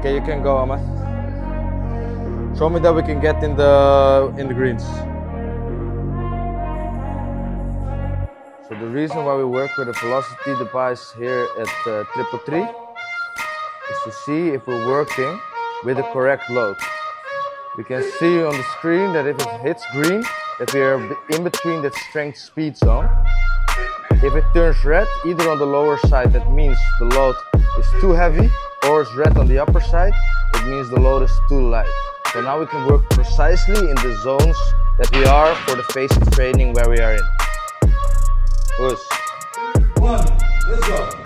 Okay, you can go, Ahmed. Show me that we can get in the in the greens. So the reason why we work with a velocity device here at uh, triple three is to see if we're working with the correct load. We can see on the screen that if it hits green, that we are in between that strength speed zone. If it turns red, either on the lower side, that means the load is too heavy or is red on the upper side, it means the load is too light. So now we can work precisely in the zones that we are for the phase of training where we are in. Push. One, let's go.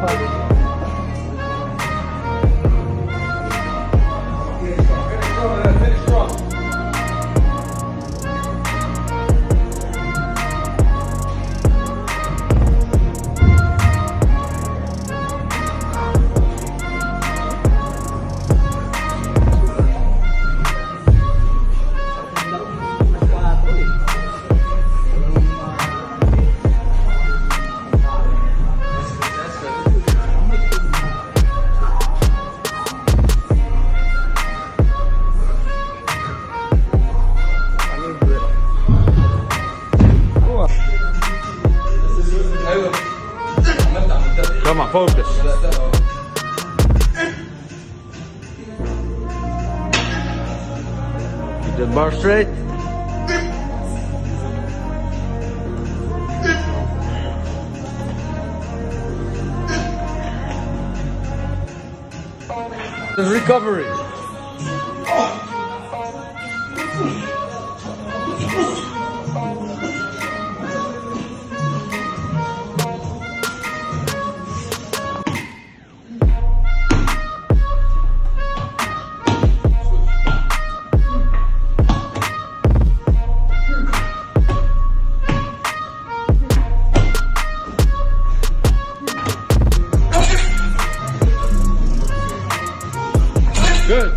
bye. Come on, focus. Keep the bar straight. The recovery. Good.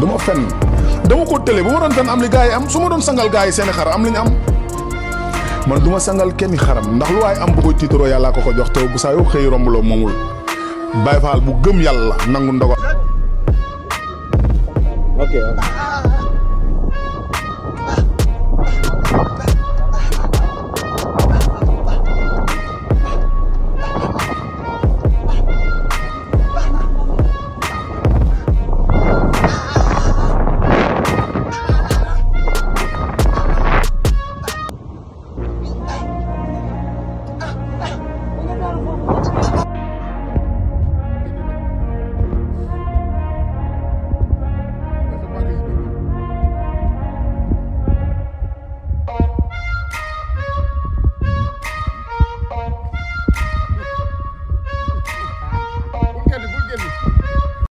dama fenn dama ko tële bu ma doon fenn am li gars yi am su ma doon sangal gaa yi seen xar am li ñu am man du ma sangal kenn xaram ndax lu waaye am bu koy tiitaroo yàllaa ko ko jox te bu saa yoo xëy rombloo moomul Baye Fall bu gëm yàlla nangu ndogal. ok.